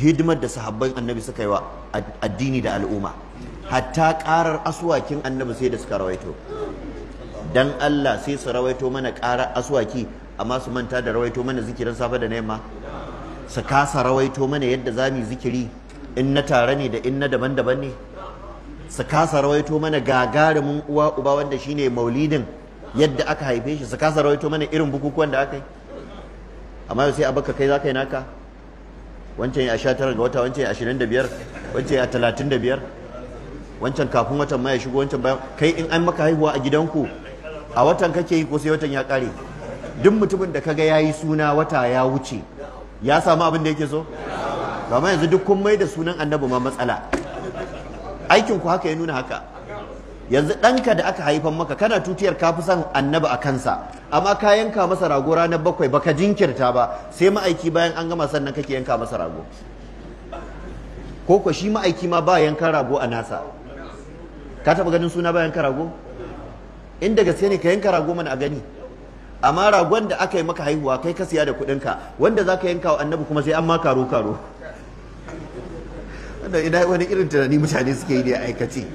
hidimar da sahabban annabi suka yi wa addini da al'umma hatta karar aswakin annabi sai da suka rawaito dan Allah sai su rawaito mana karar aswaki amma su manta da rawaito mana zikirin safe da na yamma su kasa rawaito mana yadda za mu zikiri in na tare ne da in na daban-daban ne su kasa rawaito mana gagarumin uwa uba wanda shine maulidin yadda aka haife shi su kasa rawaito mana irin bukukuwan da aka yi amma sai a baka kai za ka yi naka wancan ya sha tara ga wata wancan ya ashirin da biyar wancan ya talatin da biyar wancan kafin watan ma ya shigo wancan bayan kai in an maka haihuwa a gidanku a watan kake yi ko sai watan ya kare duk mutumin da kaga yayi suna wata ya wuce ya samu abin da yake so amma yanzu duk kun mai da sunan annabi ma matsala aikin ku haka ya nuna haka yanzu ɗanka da aka haifan maka kana tutiyar ka fi son annabi a kansa amma ka yanka masa rago ranar bakwai baka jinkirta ba sai ma'aiki bayan an gama sannan kake yanka masa rago ko ko shi ma'aiki ma ba yanka rago a nasa ka taɓa ganin suna ba yanka rago in da gaske ne ka yanka rago mana a gani amma ragon da aka yi maka haihuwa kai ka siya da kuɗinka wanda za ka yanka wa annabi kuma sai an ma karo karo wanda ina wani irin tunani mutane suke yi da aikace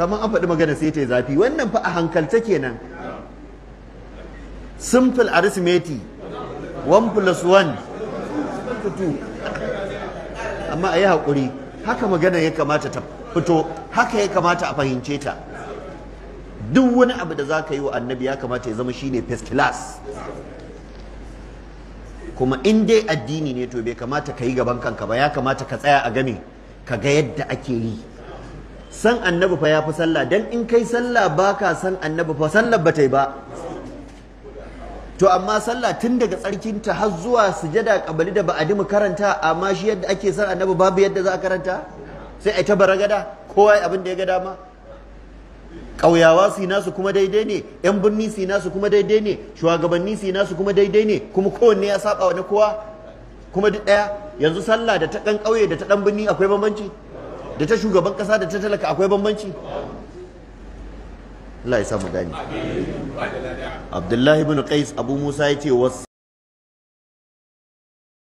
kamar an faɗi magana sai ta zafi wannan fa a hankalta kenan simple arithmetic 1 plus 1 amma a yi haƙuri haka magana ya kamata ta fito haka ya kamata a fahimce ta duk wani abu da za ka yi wa annabi ya kamata ya zama shine first class kuma in dai addini ne to bai kamata ka yi gaban kanka ba ya kamata ka tsaya a game ka ga yadda ake yi san annabi fa ya fi sallah dan in kai sallah baka san annabi fa sallar ba ta yi ba to amma sallah tun daga tsarkin ta har zuwa sujada kabali da ba'adi mu karanta amma shi yadda ake san annabi babu yadda za a karanta sai ai ta baragada kowa abin da ya ga dama ƙauyawa su nasu kuma daidai ne yan birni su nasu kuma daidai ne shugabanni su nasu kuma daidai ne kuma kowanne ya saba wa na kowa kuma duk ɗaya yanzu sallah da ta ɗan ƙauye da ta ɗan birni akwai bambanci da ta shugaban kasa da ta talaka akwai bambanci Allah ya samu gani Abdullahi ibn Qais Abu Musa yace wasu